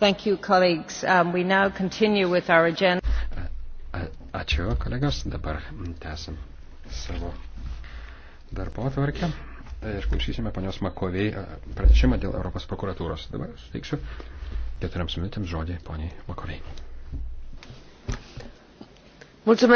Thank you, colleagues. Um, we now continue with our agenda. Ačiū, kolegos. Dabar tęsim savo darbo atvarkę. Ir klausysime panios Makoviai pranešimą dėl Europos prokuratūros. Dabar suteiksiu keturiams minutėms žodį poniai Makoviai. Mulțumesc.